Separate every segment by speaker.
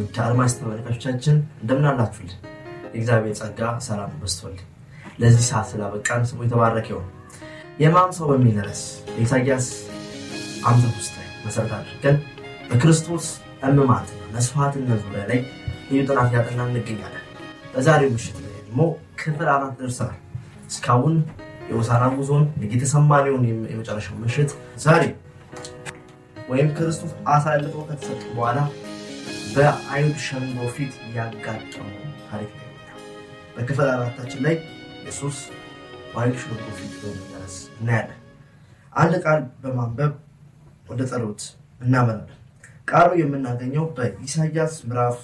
Speaker 1: ውድ አድማጭ ተመልካቾቻችን እንደምናላችሁልን የእግዚአብሔር ጸጋ ሰላም በስቶል ለዚህ ሰዓት ስላበቃን ስሙ የተባረከ ይሁን። የማም ሰው በሚል ርዕስ የኢሳያስ አምሳ ውስጥ ላይ መሰረት አድርገን በክርስቶስ ሕማማትና መስዋዕትነት ዙሪያ ላይ ልዩ ጥናት ያጠና እንገኛለን። በዛሬው ምሽት ላይ ደግሞ ክፍል አራት ደርሰናል። እስካሁን የሆሳዕና ጉዞን የጌቴሰማኒውን የመጨረሻው ምሽት ዛሬ ወይም ክርስቶስ አሳልፎ ከተሰጠ በኋላ በአይሁድ ሸንጎ ፊት ያጋጠሙ ታሪክ ነው። በክፍል አራታችን ላይ ኢየሱስ በአይሁድ ሸንጎ ፊት በመደረስ እናያለን። አንድ ቃል በማንበብ ወደ ጸሎት እናመራለን። ቃሉ የምናገኘው በኢሳያስ ምዕራፍ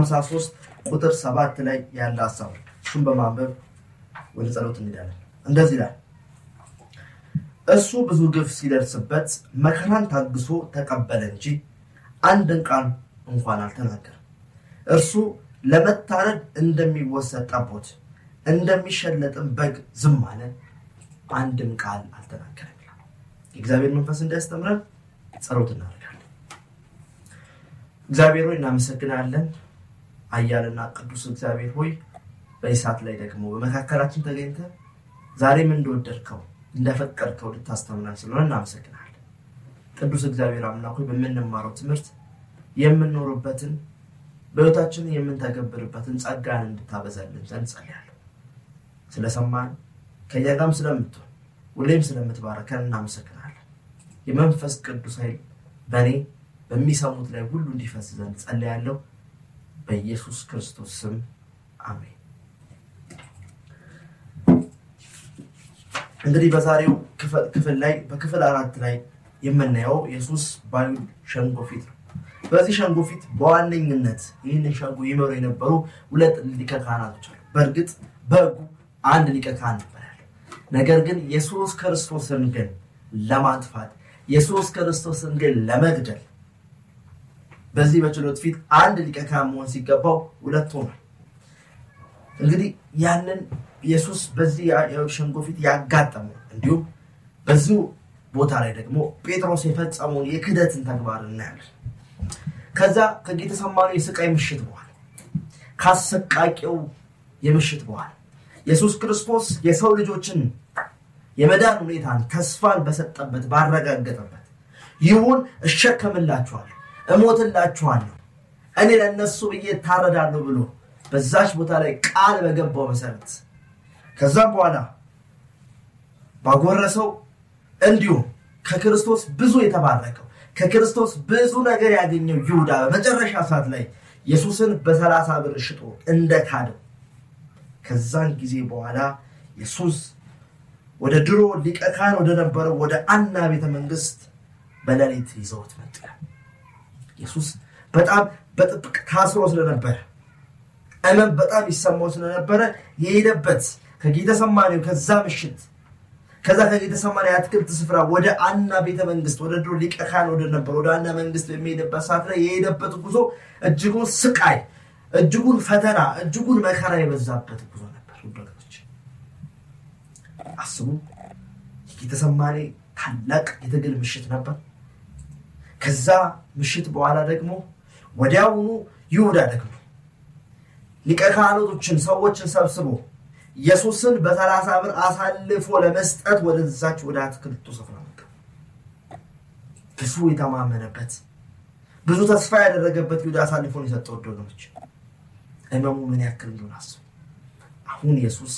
Speaker 1: 53 ቁጥር 7 ላይ ያለ ሀሳብ እሱን በማንበብ ወደ ጸሎት እንሄዳለን። እንደዚህ ይላል። እሱ ብዙ ግፍ ሲደርስበት መከራን ታግሶ ተቀበለ እንጂ አንድን ቃል እንኳን አልተናገርም። እርሱ ለመታረድ እንደሚወሰድ ጠቦት እንደሚሸለጥም በግ ዝም አለ፣ አንድም ቃል አልተናገረም። የእግዚአብሔር መንፈስ እንዲያስተምረን ጸሎት እናደርጋለን። እግዚአብሔር ሆይ እናመሰግናለን። አያልና ቅዱስ እግዚአብሔር ሆይ በእሳት ላይ ደግሞ በመካከላችን ተገኝተ ዛሬም እንደወደድከው እንደፈቀድከው ልታስተምረን ስለሆነ እናመሰግናለን። ቅዱስ እግዚአብሔር አምላክ ሆይ በምንማረው ትምህርት የምንኖርበትን በህይወታችን የምንተገብርበትን ጸጋን እንድታበዛልን ዘንድ ጸልያለሁ። ስለሰማን ከኛ ጋርም ስለምትሆን ሁሌም ስለምትባረከን እናመሰግናለን። የመንፈስ ቅዱስ ኃይል በእኔ በሚሰሙት ላይ ሁሉ እንዲፈስ ዘንድ ጸልያለሁ። በኢየሱስ ክርስቶስ ስም አሜን። እንግዲህ በዛሬው ክፍል ላይ በክፍል አራት ላይ የምናየው የሱስ ባዩ ሸንጎ ፊት ነው። በዚህ ሸንጎ ፊት በዋነኝነት ይህን ሸንጎ ይመሩ የነበሩ ሁለት ሊቀ ካህናቶች አሉ። በእርግጥ በጉ አንድ ሊቀ ካህን ነበር ነገር ግን የሱስ ክርስቶስን ግን ለማጥፋት የሱስ ክርስቶስን ግን ለመግደል በዚህ በችሎት ፊት አንድ ሊቀ ካህን መሆን ሲገባው ሁለት ሆኗል። እንግዲህ ያንን ኢየሱስ በዚህ ሸንጎ ፊት ያጋጠመው እንዲሁም በዚሁ ቦታ ላይ ደግሞ ጴጥሮስ የፈጸመውን የክህደትን ተግባር እናያለን። ከዛ ከጌተሰማኒ የስቃይ ምሽት በኋላ ካሰቃቂው የምሽት በኋላ ኢየሱስ ክርስቶስ የሰው ልጆችን የመዳን ሁኔታን ተስፋን በሰጠበት ባረጋገጠበት ይሁን እሸከምላችኋለሁ፣ እሞትላችኋለሁ፣ እኔ ለእነሱ ብዬ ታረዳለሁ ብሎ በዛች ቦታ ላይ ቃል በገባው መሰረት ከዛም በኋላ ባጎረሰው እንዲሁም ከክርስቶስ ብዙ የተባረከው ከክርስቶስ ብዙ ነገር ያገኘው ይሁዳ በመጨረሻ ሰዓት ላይ ኢየሱስን በሰላሳ ብር ሽጦ እንደ ከዛን ጊዜ በኋላ ኢየሱስ ወደ ድሮ ሊቀ ካህን ወደ ነበረው ወደ አና ቤተ መንግስት በሌሊት ይዘውት መጡ። ኢየሱስ በጣም በጥብቅ ታስሮ ስለነበረ እመም በጣም ይሰማው ስለነበረ የሄደበት ከጌተሰማኔው ከዛ ምሽት ከዛ ከጌተሰማኒ አትክልት ስፍራ ወደ አና ቤተ መንግስት ወደ ድሮ ሊቀ ካህን ወደ ነበር ወደ አና መንግስት በሚሄድበት ሰዓት ላይ የሄደበት ጉዞ እጅጉን ስቃይ፣ እጅጉን ፈተና፣ እጅጉን መከራ የበዛበት ጉዞ ነበር። ውደቶች አስቡ። ጌተሰማኒ ታላቅ የትግል ምሽት ነበር። ከዛ ምሽት በኋላ ደግሞ ወዲያውኑ ይሁዳ ደግሞ ሊቀ ካህናቶችን ሰዎችን ሰብስቦ ኢየሱስን በሰላሳ ብር አሳልፎ ለመስጠት ወደዛች ወደ አትክልቱ ስፍራ መጣ። ብዙ የተማመነበት ብዙ ተስፋ ያደረገበት ይሁዳ አሳልፎን የሰጠው ወደዶች እመሙ ምን ያክል እንደሆነ አስቡ። አሁን ኢየሱስ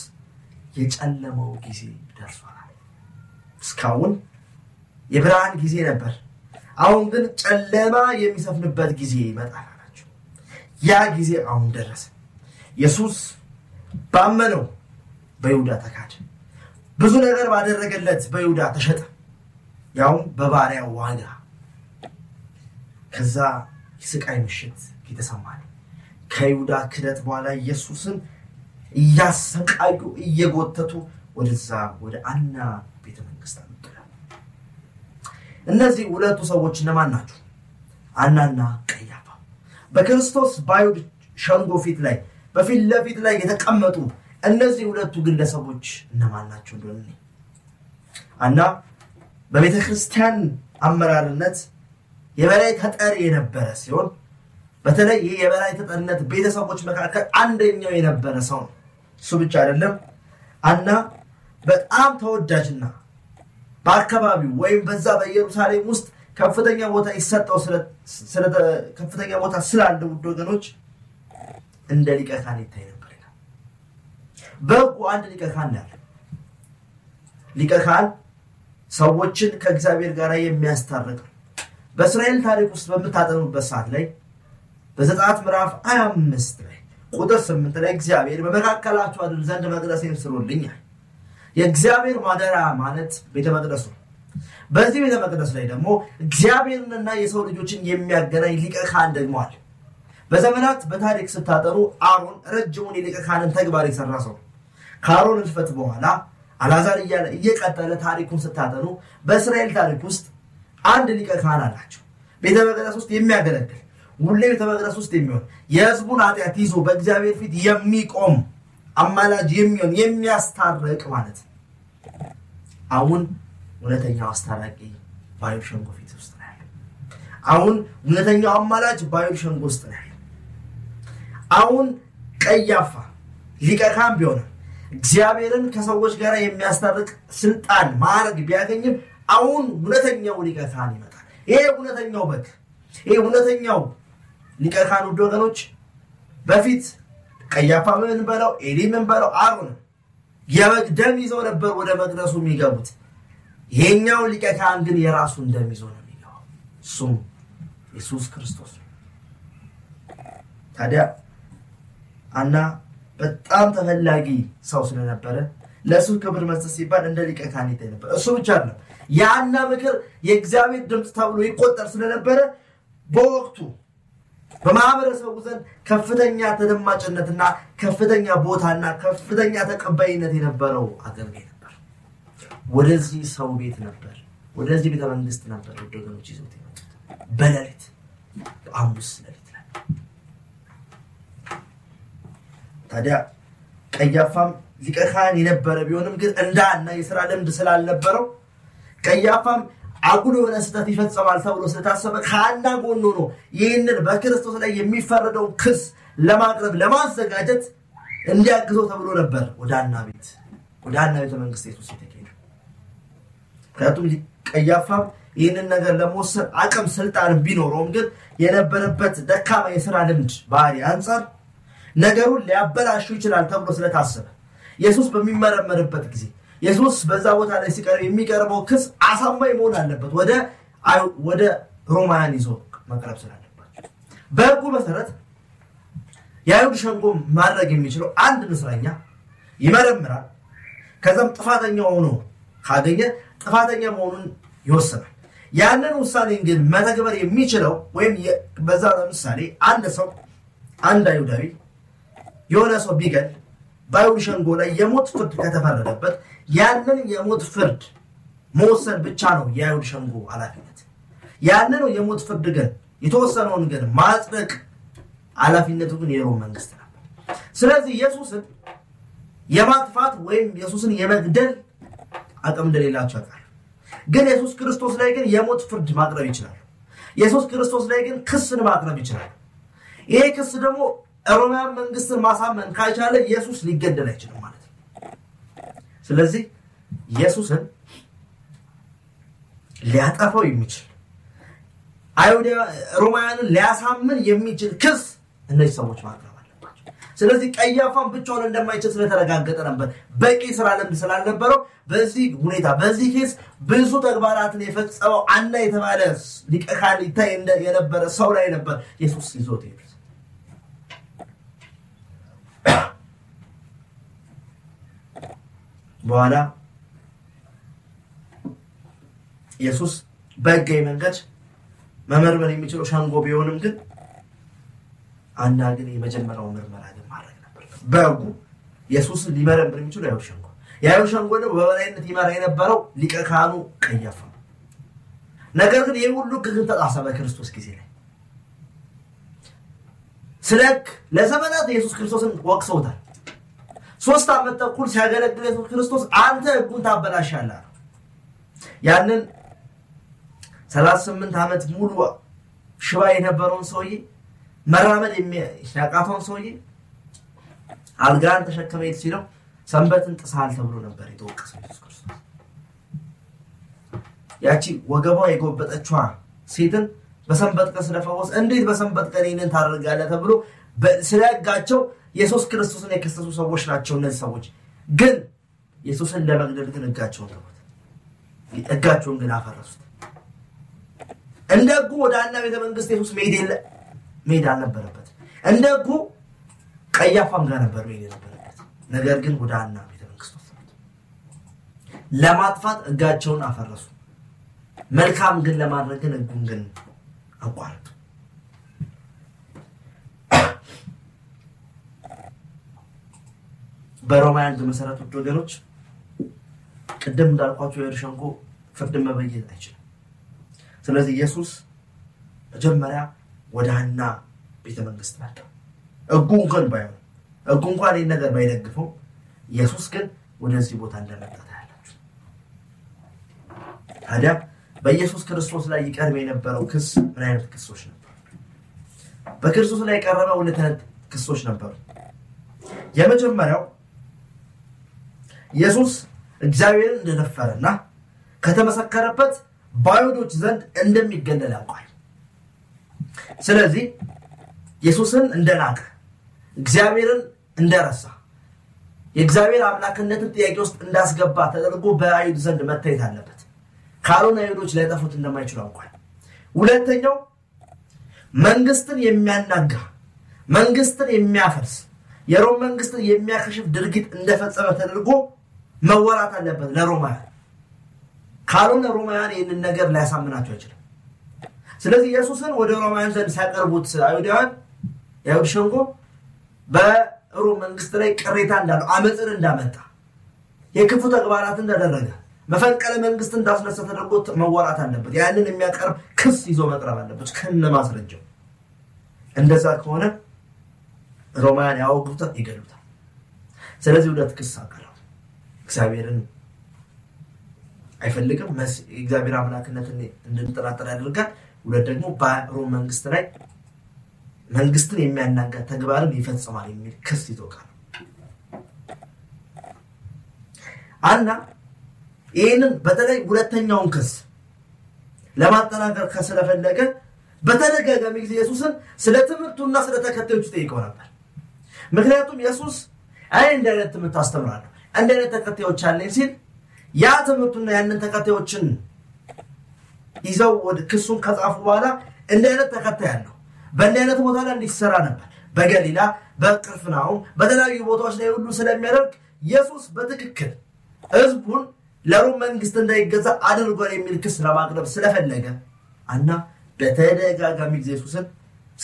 Speaker 1: የጨለመው ጊዜ ደርሷል። እስካሁን የብርሃን ጊዜ ነበር። አሁን ግን ጨለማ የሚሰፍንበት ጊዜ ይመጣል አላቸው። ያ ጊዜ አሁን ደረሰ። ኢየሱስ ባመነው በይሁዳ ተካደ። ብዙ ነገር ባደረገለት በይሁዳ ተሸጠ፣ ያውም በባሪያ ዋጋ። ከዛ የስቃይ ምሽት የተሰማል። ከይሁዳ ክደት በኋላ ኢየሱስን እያሰቃዩ እየጎተቱ ወደዛ ወደ አና ቤተ መንግስት አመጡታል። እነዚህ ሁለቱ ሰዎች እነማን ናቸው? አናና ቀያፋ በክርስቶስ በአይሁድ ሸንጎ ፊት ላይ በፊት ለፊት ላይ የተቀመጡ እነዚህ ሁለቱ ግለሰቦች እነማን ናቸው እንደሆነ እና በቤተ ክርስቲያን አመራርነት የበላይ ተጠሪ የነበረ ሲሆን በተለይ ይህ የበላይ ተጠሪነት ቤተሰቦች መካከል አንደኛው የነበረ ሰው ነው። እሱ ብቻ አይደለም አና በጣም ተወዳጅና በአካባቢው ወይም በዛ በኢየሩሳሌም ውስጥ ከፍተኛ ቦታ ይሰጠው ከፍተኛ ቦታ ስላለ ውድ ወገኖች እንደ ሊቀ ካህን ይታይ በጎ አንድ ሊቀ ካህን ያለ ሊቀ ካህን ሰዎችን ከእግዚአብሔር ጋር የሚያስታርቅ በእስራኤል ታሪክ ውስጥ በምታጠኑበት ሰዓት ላይ በዘጸአት ምዕራፍ ሀያ አምስት ላይ ቁጥር ስምንት ላይ እግዚአብሔር በመካከላችሁ አድር ዘንድ መቅደሴን ስሩልኛል። የእግዚአብሔር ማደሪያ ማለት ቤተ መቅደሱ ነው። በዚህ ቤተ መቅደስ ላይ ደግሞ እግዚአብሔርንና የሰው ልጆችን የሚያገናኝ ሊቀ ካህን ደግሞ አለ። በዘመናት በታሪክ ስታጠኑ አሮን ረጅሙን የሊቀ ካህንን ተግባር የሰራ ሰው ከአሮን ህልፈት በኋላ አላዛር እያለ እየቀጠለ ታሪኩን ስታጠኑ በእስራኤል ታሪክ ውስጥ አንድ ሊቀ ካህን አላቸው። ቤተ መቅደስ ውስጥ የሚያገለግል ሁሌ ቤተ መቅደስ ውስጥ የሚሆን የህዝቡን ኃጢአት ይዞ በእግዚአብሔር ፊት የሚቆም አማላጅ የሚሆን የሚያስታርቅ ማለት ነው። አሁን እውነተኛው አስታራቂ ባዩብ ሸንጎ ፊት ውስጥ ነው ያለው። አሁን እውነተኛው አማላጅ ባዩብ ሸንጎ ውስጥ ነው ያለው። አሁን ቀያፋ ሊቀ ካህን ቢሆንም እግዚአብሔርን ከሰዎች ጋር የሚያስታርቅ ስልጣን ማዕረግ ቢያገኝም አሁን እውነተኛው ሊቀ ካህን ይመጣል። ይሄ እውነተኛው በግ፣ ይሄ እውነተኛው ሊቀ ካህን ውድ ወገኖች፣ በፊት ቀያፋ ምን በለው ኤሊ ምን በለው አሮን የበግ ደም ይዘው ነበር ወደ መቅደሱ የሚገቡት። ይሄኛው ሊቀ ካህን ግን የራሱን ደም ይዞ ነው የሚገባው። እሱም ኢየሱስ ክርስቶስ ታዲያ አና በጣም ተፈላጊ ሰው ስለነበረ ለእሱ ክብር መስጠት ሲባል እንደ ሊቀ ካህናት ነበር። እሱ ብቻ ነው የአና ምክር የእግዚአብሔር ድምፅ ተብሎ ይቆጠር ስለነበረ በወቅቱ በማህበረሰቡ ዘንድ ከፍተኛ ተደማጭነትና ከፍተኛ ቦታና ከፍተኛ ተቀባይነት የነበረው አገልጋይ ነበር። ወደዚህ ሰው ቤት ነበር፣ ወደዚህ ቤተ መንግስት ነበር ወደ ወገኖች ይዞት የመጡት በሌሊት በአሙስ ሌሊት ታዲያ ቀያፋም ሊቀ ካህን የነበረ ቢሆንም ግን እንደ ሐና የስራ ልምድ ስላልነበረው ቀያፋም አጉል የሆነ ስህተት ይፈጽማል ተብሎ ስለታሰበ ከሐና ጎን ሆኖ ይህንን በክርስቶስ ላይ የሚፈረደውን ክስ ለማቅረብ ለማዘጋጀት እንዲያግዘው ተብሎ ነበር ወደ ሐና ቤት ወደ ሐና ቤተ መንግስት ኢየሱስ የተገኘ ምክንያቱም ቀያፋም ይህንን ነገር ለመወሰን አቅም ስልጣን ቢኖረውም ግን የነበረበት ደካማ የስራ ልምድ ባህሪ አንጻር ነገሩን ሊያበላሹ ይችላል ተብሎ ስለታሰበ ኢየሱስ በሚመረመርበት ጊዜ ኢየሱስ በዛ ቦታ ላይ ሲቀርብ የሚቀርበው ክስ አሳማኝ መሆን አለበት። ወደ ሮማውያን ይዞ መቅረብ ስላለበት በህጉ መሰረት የአይሁድ ሸንጎ ማድረግ የሚችለው አንድ እስረኛ ይመረምራል። ከዛም ጥፋተኛ ሆኖ ካገኘ ጥፋተኛ መሆኑን ይወስናል። ያንን ውሳኔ ግን መተግበር የሚችለው ወይም በዛ ለምሳሌ አንድ ሰው አንድ አይሁዳዊ የሆነ ሰው ቢገል ባዩን ሸንጎ ላይ የሞት ፍርድ ከተፈረደበት ያንን የሞት ፍርድ መወሰን ብቻ ነው የአይሁድ ሸንጎ ኃላፊነት። ያንን የሞት ፍርድ ግን የተወሰነውን ግን ማጽደቅ ኃላፊነቱ ግን የሮም መንግስት ነበር። ስለዚህ ኢየሱስን የማጥፋት ወይም ኢየሱስን የመግደል አቅም እንደሌላቸው ያውቃል። ግን ኢየሱስ ክርስቶስ ላይ ግን የሞት ፍርድ ማቅረብ ይችላል። ኢየሱስ ክርስቶስ ላይ ግን ክስን ማቅረብ ይችላል። ይሄ ክስ ደግሞ ሮማን መንግስትን ማሳመን ካልቻለ ኢየሱስ ሊገደል አይችልም ማለት ነው። ስለዚህ ኢየሱስን ሊያጠፋው የሚችል ሮማውያንን ሊያሳምን የሚችል ክስ እነዚህ ሰዎች ማቅረብ አለባቸው። ስለዚህ ቀያፋን ብቻውን እንደማይችል ስለተረጋገጠ ነበር በቂ ስራ ልምድ ስላልነበረው በዚህ ሁኔታ በዚህ ኬስ ብዙ ተግባራትን የፈጸመው አና የተባለ ሊቀ ካህን ይታይ የነበረ ሰው ላይ ነበር ኢየሱስ ይዞት ሄዱ። በኋላ ኢየሱስ በሕጋዊ መንገድ መመርመር የሚችለው ሸንጎ ቢሆንም ግን አንዳንድ ግን የመጀመሪያው ምርመራ ግን ማድረግ ነበር። በሕጉ ኢየሱስ ሊመረምር የሚችለው ያው ሸንጎ ያው ሸንጎ ደግሞ በበላይነት ይመራ የነበረው ሊቀ ካህኑ ቀያፋ ነው። ነገር ግን ይህ ሁሉ ግን ተጣሰ በክርስቶስ ጊዜ ላይ። ስለ ሕግ ለዘመናት ኢየሱስ ክርስቶስን ወቅሰውታል። ሶስት ዓመት ተኩል ሲያገለግል የሱስ ክርስቶስ አንተ ህጉን ታበላሻለ። ያንን 38 ዓመት ሙሉ ሽባ የነበረውን ሰውዬ መራመድ የሚያቃተውን ሰውዬ አልጋን ተሸከመ ሄድ ሲለው ሰንበትን ጥሳል ተብሎ ነበር የተወቀሰ ኢየሱስ ክርስቶስ። ያቺ ወገቧ የጎበጠችዋ ሴትን በሰንበት ቀን ስለፈወስ እንዴት በሰንበት ቀን ይህንን ታደርጋለህ ተብሎ ስለ ህጋቸው ኢየሱስ ክርስቶስን የከሰሱ ሰዎች ናቸው። እነዚህ ሰዎች ግን ኢየሱስን ለመግደል ግን ሕጋቸውን ተውት። ሕጋቸውን ግን አፈረሱት። እንደ ሕጉ ወደ አና ቤተ መንግስት ኢየሱስ መሄድ የለ መሄድ አልነበረበት። እንደ ሕጉ ቀያፋም ጋር ነበር መሄድ የነበረበት። ነገር ግን ወደ አና ቤተ መንግስት ለማጥፋት እጋቸውን አፈረሱ። መልካም ግን ለማድረግ ግን ሕጉን ግን አቋረጡ። በሮማያን በመሰረቱት ወገኖች ቅድም እንዳልኳቸው የእርሸንኮ ፍርድ መበየት አይችልም። ስለዚህ ኢየሱስ መጀመሪያ ወደ ሐና ቤተ መንግስት መጣ። እጉ እንኳን ባይሆን እጉ እንኳን ይህን ነገር ባይደግፈው ኢየሱስ ግን ወደዚህ ቦታ እንደመጣ ታያላችሁ። ታዲያ በኢየሱስ ክርስቶስ ላይ ይቀርብ የነበረው ክስ ምን አይነት ክሶች ነበሩ? በክርስቶስ ላይ የቀረበ ሁለት ክሶች ነበሩ። የመጀመሪያው ኢየሱስ እግዚአብሔርን እንደነፈረና ከተመሰከረበት በአይሁዶች ዘንድ እንደሚገለል ያውቋል። ስለዚህ ኢየሱስን እንደናቀ፣ እግዚአብሔርን እንደረሳ፣ የእግዚአብሔር አምላክነትን ጥያቄ ውስጥ እንዳስገባ ተደርጎ በአይሁድ ዘንድ መታየት አለበት። ካልሆነ አይሁዶች ሊያጠፉት እንደማይችሉ አውቋል። ሁለተኛው መንግስትን የሚያናጋ መንግስትን የሚያፈርስ የሮም መንግስትን የሚያከሽፍ ድርጊት እንደፈጸመ ተደርጎ መወራት አለበት ለሮማውያን። ካልሆነ ሮማውያን ይህንን ነገር ሊያሳምናቸው አይችልም። ስለዚህ ኢየሱስን ወደ ሮማውያን ዘንድ ሲያቀርቡት አይሁዳውያን የአይሁድ ሸንጎ በሮም መንግስት ላይ ቅሬታ እንዳለው አመፅን እንዳመጣ የክፉ ተግባራት እንዳደረገ መፈቀለ መንግስት እንዳስነሳ ተደርጎ መወራት አለበት። ያንን የሚያቀርብ ክስ ይዞ መቅረብ አለበት ከነ ማስረጃው። እንደዛ ከሆነ ሮማውያን ያወግዙታል፣ ይገሉታል። ስለዚህ ሁለት ክስ አቀረበ። እግዚአብሔርን አይፈልግም። እግዚአብሔር አምላክነትን እንድንጠራጠር ያደርጋል። ሁለት ደግሞ በሮም መንግስት ላይ መንግስትን የሚያናጋ ተግባርን ይፈጽማል የሚል ክስ ይቶቃል አና ይህንን በተለይ ሁለተኛውን ክስ ለማጠናከር ከስለፈለገ በተደጋጋሚ ጊዜ ኢየሱስን ስለ ትምህርቱና ስለ ተከታዮቹ ጠይቀው ነበር። ምክንያቱም ኢየሱስ አይ እንዲህ አይነት ትምህርት አስተምራለሁ እንደ አይነት ተከታዮች አለኝ ሲል ያ ትምህርቱና ያንን ተከታዮችን ይዘው ወደ ክሱን ከጻፉ በኋላ እንደ አይነት ተከታይ አለው በእንደ አይነት ቦታ ላይ እንዲሰራ ነበር በገሊላ በቅፍርናሆም በተለያዩ ቦታዎች ላይ ሁሉ ስለሚያደርግ ኢየሱስ በትክክል ህዝቡን ለሩም መንግስት እንዳይገዛ አድርጓል የሚል ክስ ለማቅረብ ስለፈለገ እና በተደጋጋሚ ጊዜ ኢየሱስን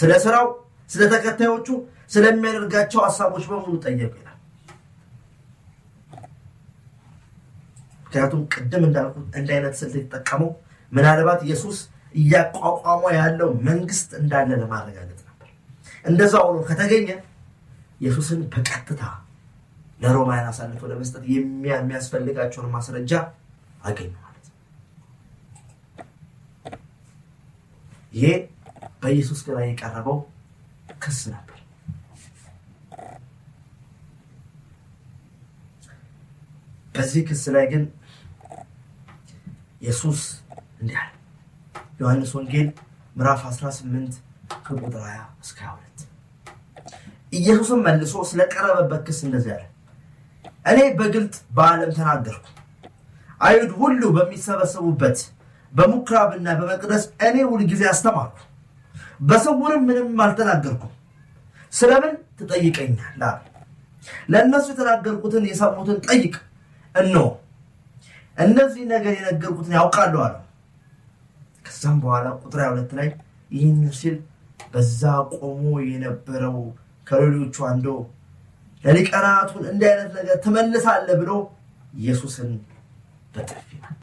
Speaker 1: ስለ ስራው፣ ስለ ተከታዮቹ ስለሚያደርጋቸው ሀሳቦች በሙሉ ጠየቁ ይላል። ምክንያቱም ቅድም እንዳልኩት አይነት ስልት የተጠቀመው ምናልባት ኢየሱስ እያቋቋመ ያለው መንግስት እንዳለ ለማረጋገጥ ነበር። እንደዛ ሆኖ ከተገኘ ኢየሱስን በቀጥታ ለሮማውያን አሳልፎ ለመስጠት የሚያስፈልጋቸውን ማስረጃ አገኙ ማለት ነው። ይሄ በኢየሱስ ላይ የቀረበው ክስ ነበር። በዚህ ክስ ላይ ግን ኢየሱስ እንዲህ አለ። ዮሐንስ ወንጌል ምዕራፍ 18 ከቁጥር 20 እስከ 22። ኢየሱስም መልሶ ስለቀረበበት ክስ እንደዚህ አለ። እኔ በግልጥ በዓለም ተናገርኩ። አይሁድ ሁሉ በሚሰበሰቡበት በሙክራብና በመቅደስ እኔ ሁልጊዜ አስተማርኩ፣ በስውርም ምንም አልተናገርኩም። ስለምን ትጠይቀኛል ለእነሱ የተናገርኩትን የሰሙትን ጠይቅ። እነሆ እነዚህ ነገር የነገርኩትን ያውቃሉ አለ። ከዛም በኋላ ቁጥር ሁለት ላይ ይህን ሲል በዛ ቆሞ የነበረው ከሌሎቹ አንዶ ለሊቀ ካህናቱን እንዲህ አይነት ነገር ትመልሳለህ ብሎ ኢየሱስን በጥፊ መታ።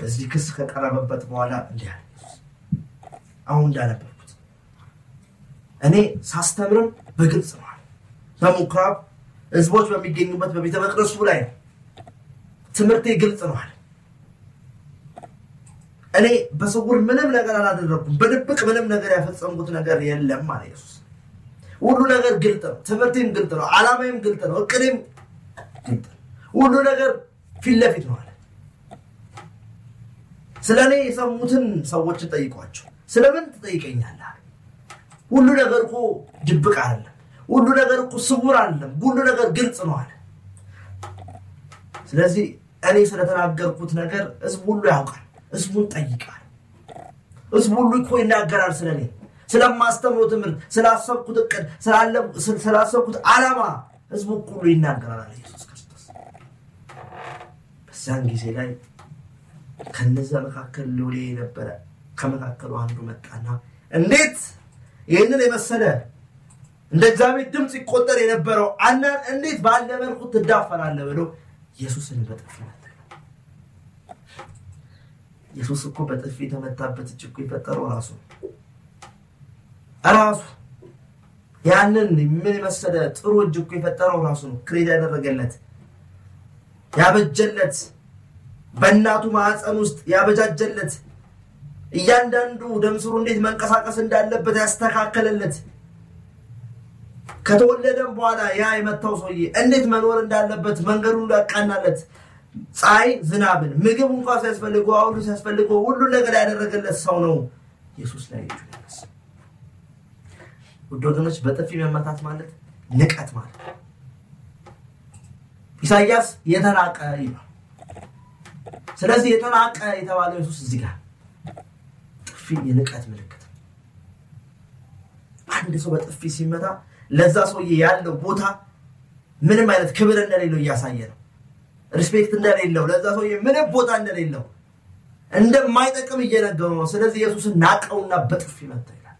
Speaker 1: በዚህ ክስ ከቀረበበት በኋላ እንዲህ አለ ኢየሱስ አሁን እንዳነበርኩት እኔ ሳስተምርም በግልጽ ነው በምኩራብ ህዝቦች በሚገኙበት በቤተ መቅደሱ ላይ ነው ትምህርቴ ግልጽ ነው አለ። እኔ በስውር ምንም ነገር አላደረኩም፣ በድብቅ ምንም ነገር ያፈጸምኩት ነገር የለም አለ ኢየሱስ። ሁሉ ነገር ግልጥ ነው፣ ትምህርቴም ግልጥ ነው፣ ዓላማዬም ግልጥ ነው፣ እቅዴም ግልጥ ነው፣ ሁሉ ነገር ፊት ለፊት ነው አለ። ስለ እኔ የሰሙትን ሰዎች ጠይቋቸው። ስለምን ትጠይቀኛለህ? ሁሉ ነገር እኮ ድብቅ አይደለም፣ ሁሉ ነገር እኮ ስውር አይደለም፣ ሁሉ ነገር ግልጽ ነው አለ። ስለዚህ እኔ ስለተናገርኩት ነገር ህዝቡ ሁሉ ያውቃል። ህዝቡን ጠይቃል። ህዝቡ ሁሉ እኮ ይናገራል ስለ እኔ፣ ትምህርት፣ ስላሰብኩት እቅድ፣ ስላሰብኩት ዓላማ ህዝቡ ሁሉ ይናገራል ኢየሱስ ክርስቶስ። በዚያን ጊዜ ላይ ከነዚያ መካከል ሎሌ የነበረ ከመካከሉ አንዱ መጣና እንዴት ይህንን የመሰለ እንደ እግዚአብሔር ድምፅ ይቆጠር የነበረው አናን እንዴት ባለ መልኩ ትዳፈራለህ ብሎ ኢየሱስን በጥፊ ኢየሱስ እኮ በጥፊ የተመታበት እጅ እኮ የፈጠረው ራሱ ራሱ ያንን ምን የመሰለ ጥሩ እጅ እኮ የፈጠረው ራሱ ነው። ክሬድ ያደረገለት ያበጀለት፣ በእናቱ ማዕፀን ውስጥ ያበጃጀለት፣ እያንዳንዱ ደምስሩ እንዴት መንቀሳቀስ እንዳለበት ያስተካከለለት፣ ከተወለደም በኋላ ያ የመታው ሰውዬ እንዴት መኖር እንዳለበት መንገዱን ያቃናለት ፀሐይ፣ ዝናብን፣ ምግብ እንኳ ሲያስፈልገው አውሉ ሲያስፈልገው ሁሉን ነገር ያደረገለት ሰው ነው ኢየሱስ ላይ እጁ ያነሳ። ውድ ወገኖች በጥፊ መመታት ማለት ንቀት ማለት ኢሳያስ የተናቀ ይባል። ስለዚህ የተናቀ የተባለው ኢየሱስ እዚህ ጋር ጥፊ የንቀት ምልክት። አንድ ሰው በጥፊ ሲመታ ለዛ ሰውዬ ያለው ቦታ ምንም አይነት ክብር እንደሌለው እያሳየ ነው። ሪስፔክት እንደሌለው ለዛ ሰውዬ ምንም ቦታ እንደሌለው እንደማይጠቅም እየነገሩ ነው። ስለዚህ ኢየሱስን ናቀውና በጥፍ ይመታ ይላል።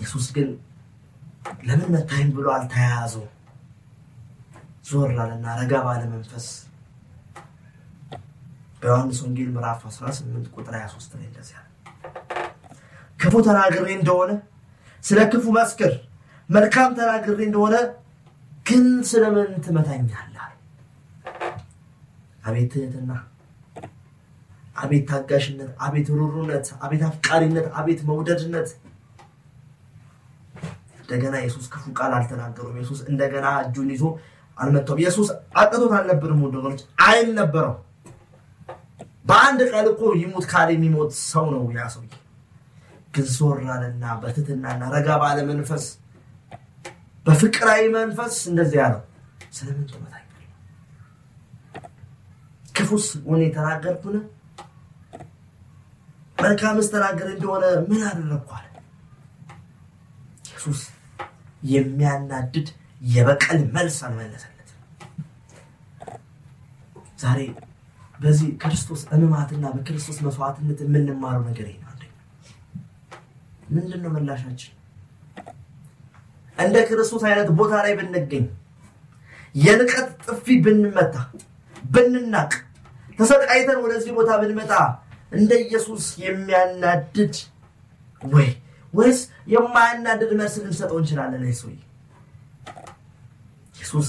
Speaker 1: ኢየሱስ ግን ለምን መታይም ብሎ አልተያያዘው። ዞር ላለና ረጋ ባለ መንፈስ በዮሐንስ ወንጌል ምዕራፍ 18 ቁጥር 23 ላይ እንደዚህ አለ፣ ክፉ ተናግሬ እንደሆነ ስለ ክፉ መስክር፣ መልካም ተናግሬ እንደሆነ ግን ስለምን ትመታኛለህ? አቤት ትህትና፣ አቤት ታጋሽነት፣ አቤት ሩሩነት፣ አቤት አፍቃሪነት፣ አቤት መውደድነት። እንደገና ኢየሱስ ክፉ ቃል አልተናገሩም። ኢየሱስ እንደገና እጁን ይዞ አልመታውም። ኢየሱስ አቅቶት አልነበርም። ወንድሞች አይል ነበረው። በአንድ ቀን እኮ ይሙት ካል የሚሞት ሰው ነው ያ ሰውዬ። ግን ዞር አለና በትህትናና ረጋ ባለ መንፈስ በፍቅራዊ መንፈስ እንደዚህ ያለው ስለምን ጦበት ክፉስ ሆነ የተናገርኩነ መልካምስ ተናገር እንደሆነ ምን አደረግኳል? ኢየሱስ የሚያናድድ የበቀል መልስ አልመለሰለት። ዛሬ በዚህ ክርስቶስ እምማትና በክርስቶስ መስዋዕትነት የምንማረው ነገር ይሄ ነው። ምንድን ነው ምላሻችን? እንደ ክርስቶስ አይነት ቦታ ላይ ብንገኝ፣ የንቀት ጥፊ ብንመታ፣ ብንናቅ፣ ተሰቃይተን ወደዚህ ቦታ ብንመጣ እንደ ኢየሱስ የሚያናድድ ወይ ወይስ የማያናድድ መልስ ልንሰጠው እንችላለን? ይህ ሰውዬ ኢየሱስ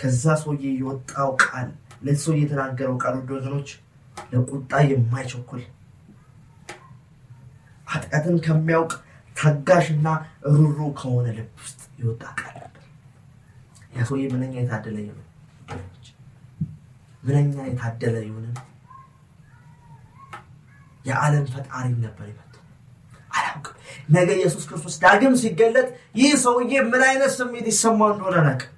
Speaker 1: ከዛ ሰውዬ የወጣው ቃል ለዚህ የተናገረው ቃል ውድ ወገኖች ለቁጣ የማይቸኩል ኃጢአትን ከሚያውቅ ታጋሽና ሩሩ ከሆነ ልብ ውስጥ ይወጣ ቃል ነበር። ያ ሰውዬ ምንኛ የታደለ ይሆን! ምንኛ የታደለ ይሆን! የዓለም ፈጣሪ ነበር ይመጡ አላውቅም ነገ ኢየሱስ ክርስቶስ ዳግም ሲገለጥ ይህ ሰውዬ ምን አይነት ስሜት ይሰማው እንደሆነ አላውቅም።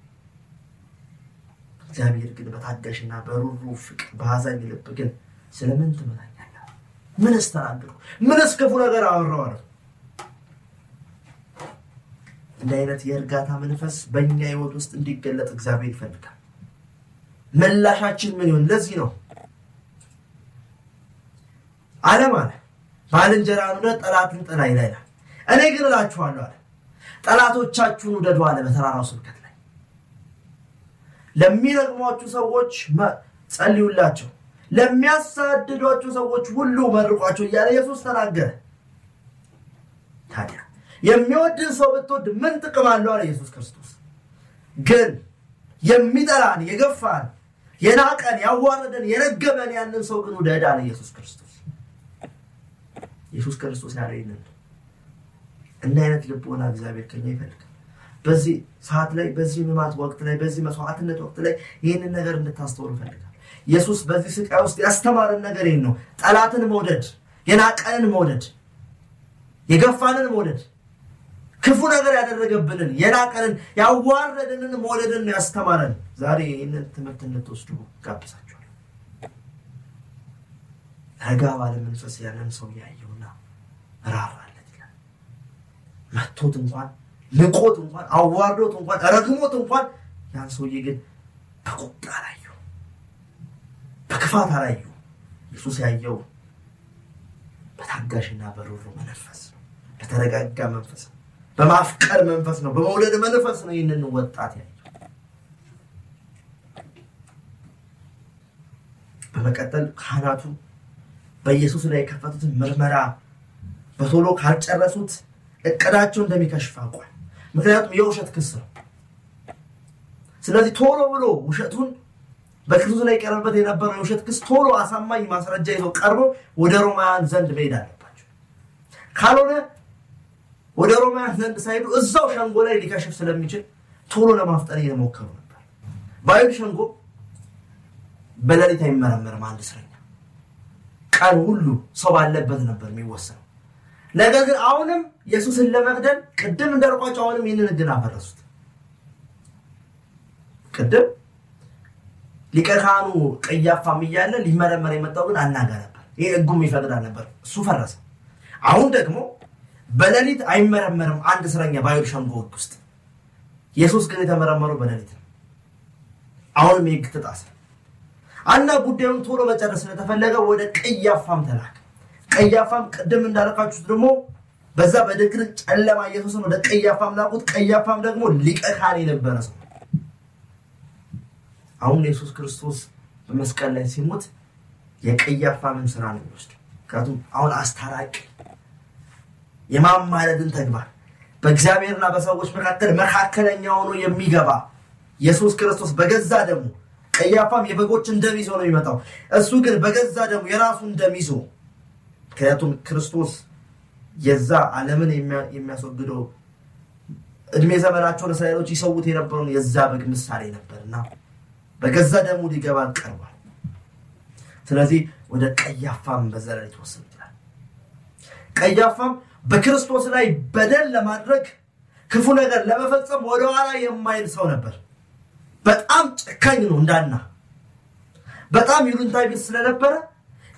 Speaker 1: እግዚአብሔር ግን በታጋሽና በሩሩ ፍቅር፣ በአዛኝ ልብ ግን ስለምን ትመናኛለህ? ምንስ ተናገርኩ? ምንስ ክፉ ነገር አወራሁ? እንዲህ አይነት የእርጋታ መንፈስ በእኛ ህይወት ውስጥ እንዲገለጥ እግዚአብሔር ይፈልጋል። ምላሻችን ምን ይሆን? ለዚህ ነው አለም አለ ባልንጀራህን ውደድ፣ ጠላትን ጥላ ይላል። እኔ ግን እላችኋለሁ አለ ጠላቶቻችሁን ውደዱ አለ በተራራው ስብከት ላይ። ለሚረግሟችሁ ሰዎች ጸልዩላቸው፣ ለሚያሳድዷችሁ ሰዎች ሁሉ መርቋቸው እያለ ኢየሱስ ተናገረ። የሚወድን ሰው ብትወድ ምን ጥቅም አለው አለ ኢየሱስ ክርስቶስ። ግን የሚጠላን የገፋን፣ የናቀን፣ ያዋረደን፣ የረገመን ያንን ሰው ግን ውደድ አለ ኢየሱስ ክርስቶስ። ኢየሱስ ክርስቶስ ያለ እና አይነት ልቦና እግዚአብሔር ከኛ ይፈልጋል። በዚህ ሰዓት ላይ፣ በዚህ ምማት ወቅት ላይ፣ በዚህ መስዋዕትነት ወቅት ላይ ይህንን ነገር እንድታስተውሉ ይፈልጋል። ኢየሱስ በዚህ ስቃይ ውስጥ ያስተማረን ነገር ይህን ነው። ጠላትን መውደድ፣ የናቀንን መውደድ፣ የገፋንን መውደድ ክፉ ነገር ያደረገብንን የናቀንን ያዋረድንን መውደድን ያስተማረን ዛሬ ይህንን ትምህርት እንድትወስዱ ጋብዛችኋል። ረጋ ባለ መንፈስ ያለን ሰው ያየውና ራራለት ይላል። መቶት እንኳን ንቆት እንኳን አዋርዶት እንኳን ረግሞት እንኳን ያን ሰውዬ ግን በቁጣ አላየው፣ በክፋት አላየው። ኢየሱስ ያየው በታጋሽና በሩሩ መንፈስ በተረጋጋ መንፈስ በማፍቀር መንፈስ ነው፣ በመውለድ መንፈስ ነው ይህንን ወጣት ያ በመቀጠል ካህናቱ በኢየሱስ ላይ የከፈቱትን ምርመራ በቶሎ ካልጨረሱት እቅዳቸው እንደሚከሽፍ አውቋል። ምክንያቱም የውሸት ክስ ነው። ስለዚህ ቶሎ ብሎ ውሸቱን በክርስቶስ ላይ ቀረበት የነበረው የውሸት ክስ ቶሎ አሳማኝ ማስረጃ ይዘው ቀርቦ ወደ ሮማውያን ዘንድ መሄድ አለባቸው። ካልሆነ ወደ ሮማውያን ዘንድ ሳይሄዱ እዛው ሸንጎ ላይ ሊከሽፍ ስለሚችል ቶሎ ለማፍጠር እየሞከሩ ነበር። በአይሁድ ሸንጎ በሌሊት አይመረመርም። አንድ እስረኛ ቀን ሁሉ ሰው ባለበት ነበር የሚወሰነው። ነገር ግን አሁንም ኢየሱስን ለመግደል ቅድም እንደርቋቸው አሁንም ይህንን እግን አፈረሱት። ቅድም ሊቀ ካህኑ ቀያፋም እያለ ሊመረመር የመጣው ግን አናጋ ነበር። ይህ ሕጉም ይፈቅድ ነበር፣ እሱ ፈረሰ። አሁን ደግሞ በሌሊት አይመረመርም አንድ እስረኛ በአይሁድ ሸንጎ ሕግ ውስጥ። ኢየሱስ ግን የተመረመረው በሌሊት ነው። አሁንም የሕግ ተጣሰ እና ጉዳዩን ቶሎ መጨረስ ስለተፈለገ ወደ ቀያፋም ተላከ። ቀያፋም ቅድም እንዳለካችሁት ደግሞ በዛ በድግር ጨለማ ኢየሱስን ወደ ቀያፋም ላኩት። ቀያፋም ደግሞ ሊቀ ካህን የነበረ ሰው አሁን ኢየሱስ ክርስቶስ በመስቀል ላይ ሲሞት የቀያፋምን ስራ ነው የሚወስድ። ምክንያቱም አሁን አስታራቂ የማማለድን ተግባር በእግዚአብሔርና በሰዎች መካከል መካከለኛ ሆኖ የሚገባ ኢየሱስ ክርስቶስ በገዛ ደግሞ ቀያፋም የበጎችን ደም ይዞ ነው የሚመጣው። እሱ ግን በገዛ ደግሞ የራሱን ደም ይዞ ምክንያቱም ክርስቶስ የዛ ዓለምን የሚያስወግደው እድሜ ዘመናቸውን እስራኤሎች ይሰውት የነበረውን የዛ በግ ምሳሌ ነበርና በገዛ ደግሞ ሊገባ ቀርቧል። ስለዚህ ወደ ቀያፋም በዘረሪት ወስብ ይችላል። ቀያፋም በክርስቶስ ላይ በደል ለማድረግ ክፉ ነገር ለመፈጸም ወደኋላ የማይል ሰው ነበር። በጣም ጨካኝ ነው እንዳና በጣም ይሉንታ ቢስ ስለነበረ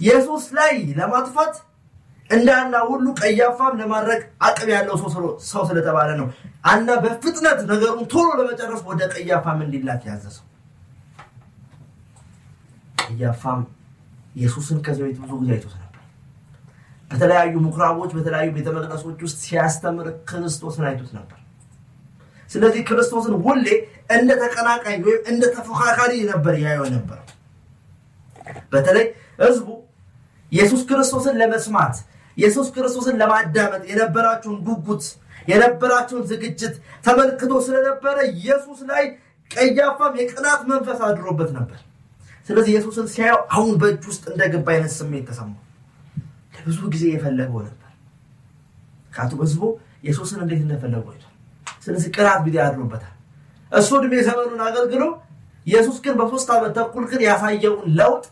Speaker 1: ኢየሱስ ላይ ለማጥፋት እንዳና ሁሉ ቀያፋም ለማድረግ አቅም ያለው ሰው ስለተባለ ነው። አና በፍጥነት ነገሩን ቶሎ ለመጨረስ ወደ ቀያፋም እንዲላት ያዘ ሰው። ቀያፋም ኢየሱስን ከዚህ ብዙ ጊዜ አይቶት በተለያዩ ምኩራቦች፣ በተለያዩ ቤተመቅደሶች ውስጥ ሲያስተምር ክርስቶስን አይቶት ነበር። ስለዚህ ክርስቶስን ሁሌ እንደ ተቀናቃኝ ወይም እንደ ተፎካካሪ ነበር ያየው ነበር። በተለይ ህዝቡ ኢየሱስ ክርስቶስን ለመስማት ኢየሱስ ክርስቶስን ለማዳመጥ የነበራቸውን ጉጉት የነበራቸውን ዝግጅት ተመልክቶ ስለነበረ ኢየሱስ ላይ ቀያፋም የቅናት መንፈስ አድሮበት ነበር። ስለዚህ ኢየሱስን ሲያየው አሁን በእጅ ውስጥ እንደገባ አይነት ስሜት ተሰማው። ለብዙ ጊዜ የፈለገው ነበር። ካቱ በዝቦ ኢየሱስን እንዴት እንደፈለገው አይቷል። ስለዚህ ቅናት ቢዲ አድሮበታል። እሱ ዕድሜ ዘመኑን አገልግሎ ኢየሱስ ግን በሶስት ዓመት ተኩል ግን ያሳየውን ለውጥ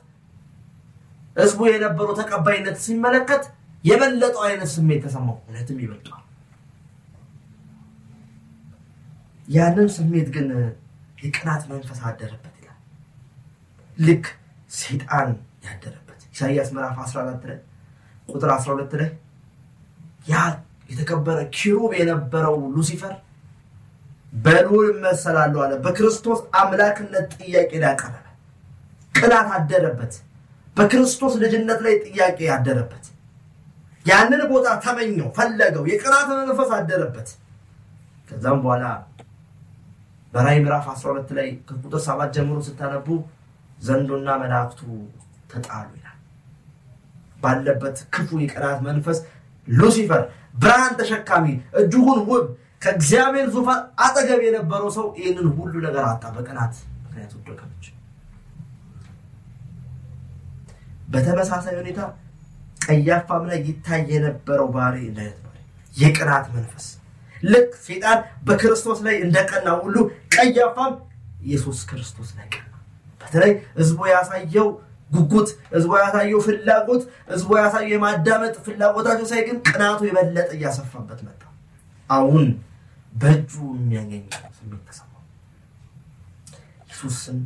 Speaker 1: ህዝቡ የነበረው ተቀባይነት ሲመለከት የበለጠው አይነት ስሜት ተሰማው። እውነትም ይበልጠዋል። ያንን ስሜት ግን የቅናት መንፈስ አደረበት ይላል። ልክ ሰይጣን ያደረበት ኢሳይያስ ምዕራፍ 14 ላይ ቁጥር 12 ላይ ያ የተከበረ ኪሩብ የነበረው ሉሲፈር በኑር እመሰላለሁ አለ። በክርስቶስ አምላክነት ጥያቄ ላይ አቀረበ። ቅናት አደረበት። በክርስቶስ ልጅነት ላይ ጥያቄ ያደረበት ያንን ቦታ ተመኘው፣ ፈለገው። የቅናት መንፈስ አደረበት። ከዛም በኋላ በራእይ ምዕራፍ 12 ላይ ከቁጥር ሰባት ጀምሮ ስታነቡ ዘንዶና መላእክቱ ተጣሉ ይላል። ባለበት ክፉ የቅናት መንፈስ ሉሲፈር ብርሃን ተሸካሚ እጅጉን ውብ ከእግዚአብሔር ዙፋን አጠገብ የነበረው ሰው ይህንን ሁሉ ነገር አጣ። በቅናት ምክንያት ወደቀች። በተመሳሳይ ሁኔታ ቀያፋም ላይ ይታይ የነበረው ባህሪ እንዳይነት ባህሪ የቅናት መንፈስ ልክ ሴጣን በክርስቶስ ላይ እንደቀና ሁሉ ቀያፋም ኢየሱስ ክርስቶስ ላይ ቀና። በተለይ ህዝቡ ያሳየው ጉጉት ህዝቡ ያሳየው ፍላጎት ህዝቡ ያሳየው የማዳመጥ ፍላጎታቸው ሳይ ግን ቅናቱ የበለጠ እያሰፋበት መጣ። አሁን በእጁ የሚያገኝ ስሜት ተሰማው። ኢየሱስን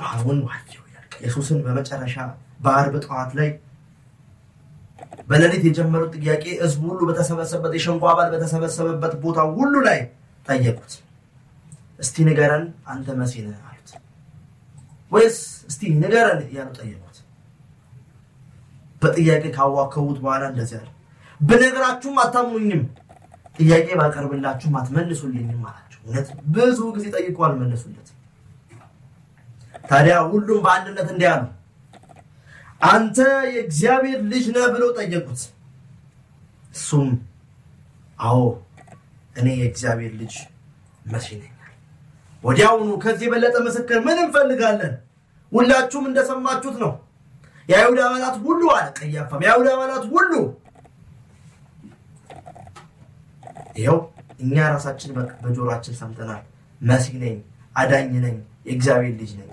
Speaker 1: በአሁን ዋየው ይላል። ኢየሱስን በመጨረሻ በአርብ ጠዋት ላይ በሌሊት የጀመሩት ጥያቄ ህዝቡ ሁሉ በተሰበሰበበት የሸንጎ አባል በተሰበሰበበት ቦታ ሁሉ ላይ ጠየቁት። እስቲ ንገረን አንተ መሲህ ነህ አሉት። ወይስ እስቲ ንገረን እያሉ ጠየቁ። በጥያቄ ካዋከቡት በኋላ እንደዚህ አለ፣ ብነግራችሁም አታምኑኝም፣ ጥያቄ ባቀርብላችሁም አትመልሱልኝም አላቸው። እውነት ብዙ ጊዜ ጠይቆ አልመለሱለት። ታዲያ ሁሉም በአንድነት እንዲህ አሉ፣ አንተ የእግዚአብሔር ልጅ ነህ ብለው ጠየቁት። እሱም አዎ እኔ የእግዚአብሔር ልጅ መሲህ ነኝ። ወዲያውኑ ከዚህ የበለጠ ምስክር ምን እንፈልጋለን? ሁላችሁም እንደሰማችሁት ነው። የአይሁድ አባላት ሁሉ አለ ቀያፋም የአይሁድ አባላት ሁሉ ይኸው እኛ ራሳችን በጆሮችን ሰምተናል መሲህ ነኝ አዳኝ ነኝ የእግዚአብሔር ልጅ ነኝ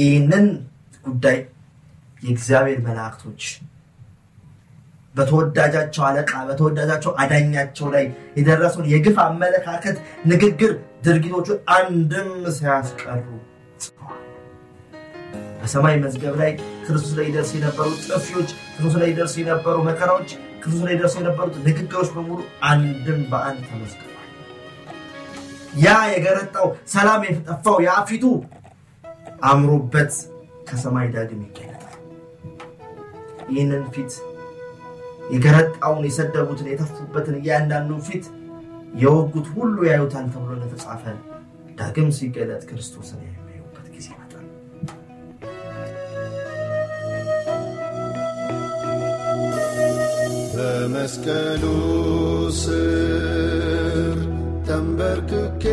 Speaker 1: ይህንን ጉዳይ የእግዚአብሔር መላእክቶች በተወዳጃቸው አለቃ በተወዳጃቸው አዳኛቸው ላይ የደረሰውን የግፍ አመለካከት፣ ንግግር፣ ድርጊቶቹ አንድም ሳያስቀሩ በሰማይ መዝገብ ላይ ክርስቶስ ላይ ደርሱ የነበሩ ጥፊዎች፣ ክርስቶስ ላይ ደርሱ የነበሩ መከራዎች፣ ክርስቶስ ላይ ደርሱ የነበሩት ንግግሮች በሙሉ አንድም በአንድ ተመዝግቧል። ያ የገረጣው ሰላም የተጠፋው ያ ፊቱ አምሮበት ከሰማይ ዳግም ይገለጣል። ይህንን ፊት የገረጣውን የሰደቡትን የተፉበትን እያንዳንዱ ፊት የወጉት ሁሉ ያዩታል ተብሎ እንደተጻፈ ዳግም ሲገለጥ ክርስቶስን ያዩ በመስቀሉ ስር ተንበርክኬ